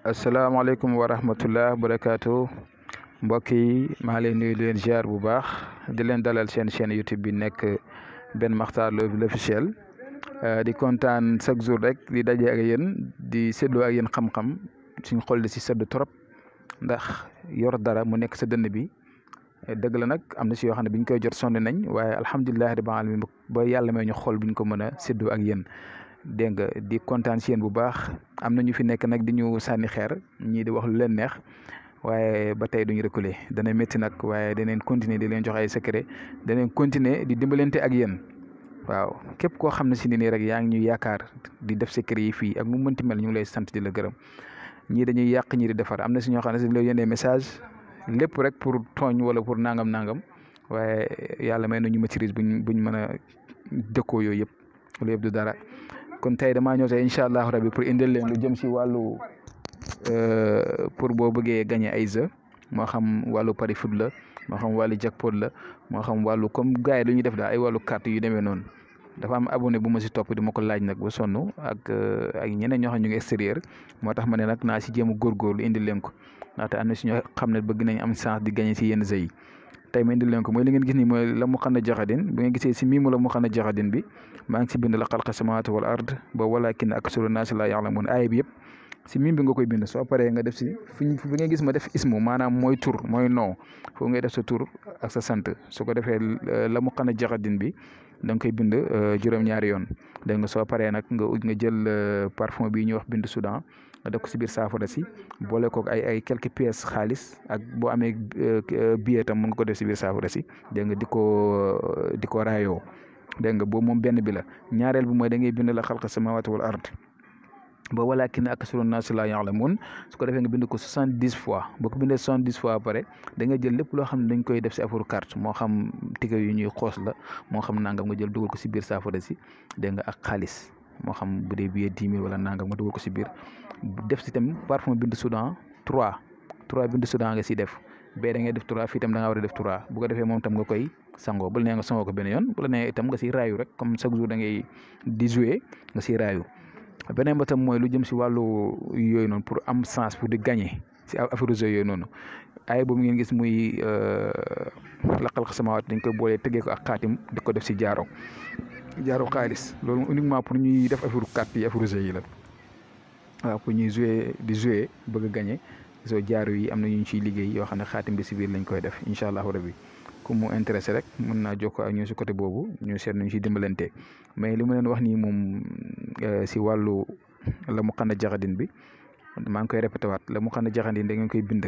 asalaamaaleykum wa rahmatullah barakaatu mbokk yi maa leen nuyu leen ziar bu baax di leen dalal seen chaîne YouTube bi nekk benn Makhtar Lo l'officiel euh, di kontaan chaque jour rek di daje ak yéen di séddoo ak yéen xam-xam suñ xol di si sedd trop ndax yor dara mu nekk sa dënn bi dëgg la nag am na si yoo xam ne biñ koy jot sonn nañ waaye alhamdulilah rabbil alamin ba yàlla may ñu xol buñ ko mën a séddoo ak yéen. dégg nga di kontaan si yéen bu baax am na ñu fi nekk nag di ñu sànni xeer ñii di wax lu leen neex waaye ba tey duñu reculer dana métti nag waaye daneen continuer di leen jox ay secret daneen continuer di dimbalante ak yéen waaw képp koo xam ne si nii rek yaa ngi ñu yaakaar di def secret yi fii ak mu mënti mel ñu ngi lay sant di la gërëm ñii dañuy yàq ñii di defar am na si ñoo xam ne si lay yónnee message lépp rek pour tooñ wala pour nangam nangam waaye yàlla may na ñu maîtrise buñ buñ mën a dëkkoo yooyu yëpp dara kon tey damaa ñëw tey incha allahu rabi pour indil leen lu jëm si wàllu euh, pour boo bëggee gagné ay jeu moo xam wàllu pari foot la moo xam wàllu jackpot la moo xam wàllu comme gars yi lu ñuy def daal ay wàllu carte yu demee noonu dafa am abonné bu ma si topp di ma ko laaj nag ba sonn ak euh, ak ñeneen ñoo ñu ngi extérieur moo tax ma ne nag naa si jéem a góorgóorlu indi leen ko ndaxte am na si ñoo xam ne bëgg nañ am chance di gagné si yenn jeu yi tey ma indil mooy li ngeen gis mooy la mu a jaxadin bu ngeen gisee si miimu la mu xan a jaxadin bi maa ngi si bind la xalqa samawaati wal ard ba walakin aksaru naasi laa ya'lamuun aay bi yëpp si miim bi nga koy bind soo paree nga def si fi nga gis ma def ismu maanaam mooy tur mooy noo foofu ngay def sa tur ak sa sant su ko defee euh, la mu xan a jaxadin bi da nga koy bind euh, juróom-ñaari yoon dégg nga soo paree nag nga nga jël euh, parfum bi ñuy wax bind Soudan. nga def ko si biir saafara si boole ko ay ay quelques pièces xaalis ak boo amee euh, billet tam mun nga ko def si biir saafara si dégg nga di ko euh, di ko raayoo dégg nga boobu moom benn bi la ñaareel bi mooy da ngay bind la xalqa samawaati wal ard ba walakin aksarun naasi laa ya'lamuun su ko defee nga bind ko soixante dix fois boo ko bindee soixante dix fois ba pare jël lépp loo xam ne dañ koy def si affaire carte moo xam ticket yu ñuy xoos la moo xam nangam nga jël dugal ko si biir saafara si dégg nga ak xaalis. moo xam bu dee billet dix mille wala nangam nga dugal ko si biir def si tamit parfum bind Soudan trois trois bind Soudan nga si def bee da ngay def trois fii tam nga war a def trois bu ko defee moom tam nga koy sangoo bu la nee nga sangoo ko benn yoon bu la nee itam nga si raayu rek comme chaque jour da di jouer nga si raayu beneen ba tam mooy lu jëm si wàllu yooyu noonu pour am sens pour di gagner si affaire yooyu noonu ay boobu ngeen gis muy euh, laqal xasamawaat dañ koy boolee tegee ko ak xaatim di ko def si jaaro jaaro xaalis loolu uniquement pour ñuy def affaire carte yi affaire jeu yi la waaw pour ñuy jouer di jouer bëgg a so soo jaaru am na ñu ciy liggéey yoo xam ne xaatim bi si biir lañ koy def incha allah rabbi ku mu intéressé rek mën naa jokkoo ak ñun si côté boobu ñu seet nañ si dimbalante mais li ma leen wax nii moom euh, si wàllu la mu xana jaxadin bi maa ngi koy répété la mu xana jaxadin da ngeen koy bind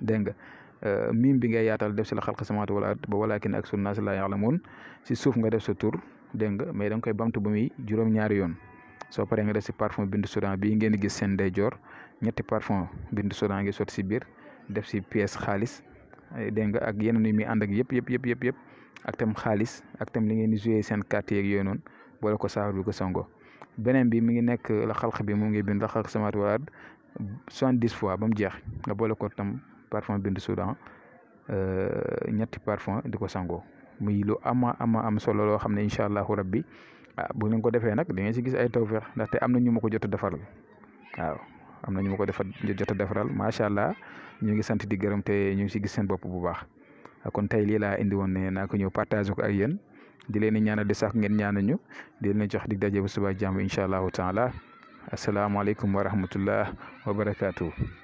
dégg nga euh, mim bi ngay yaatal def si la xalq at wala ard ba na ak sunnaas laa yaxlamuun si suuf nga def sa tur dégg nga mais da nga koy bamtu ba muy juróom-ñaari yoon soo paree nga def si parfum bindu Soudan bii ngeen di gis seen ndeyjoor ñetti parfum bindu Soudan ngi sotti si biir def si pièce xaalis dégg nga ak yeneen yu muy ànd ak yëpp yëpp yëpp yëpp yëpp ak tam xaalis ak tam li ngeen di joué seen quartier yeeg yooyu noonu boole ko saafara bi ko sango beneen bi mi ngi nekk la xalq bi mu ngi bind la xalq samaat wala soixante fois ba mu jeex nga boole ko tam parfum bindu Soudan euh, ñetti parfum di ko sangoo. muy lu ama ama am solo loo xam ne incha allahu rabbi ah bu ngeen ko defee nag da ngeen si gis ay tawféex ndaxte am na ñu ma ko jot a defaral am na ñu ma ko defar jot a defaral macha allah ñu ngi sant di gërëm te ñu ngi si gis seen bopp bu baax kon tey lii laa indi woon ne naa ko ñëw partage ko ak yéen di leen di ñaanal di sax ngeen ñaanal ñu di leen jox dig daje bu subaa jàmm incha allahu taala asalaamaaleykum wa rahmatullah wa barakaatu.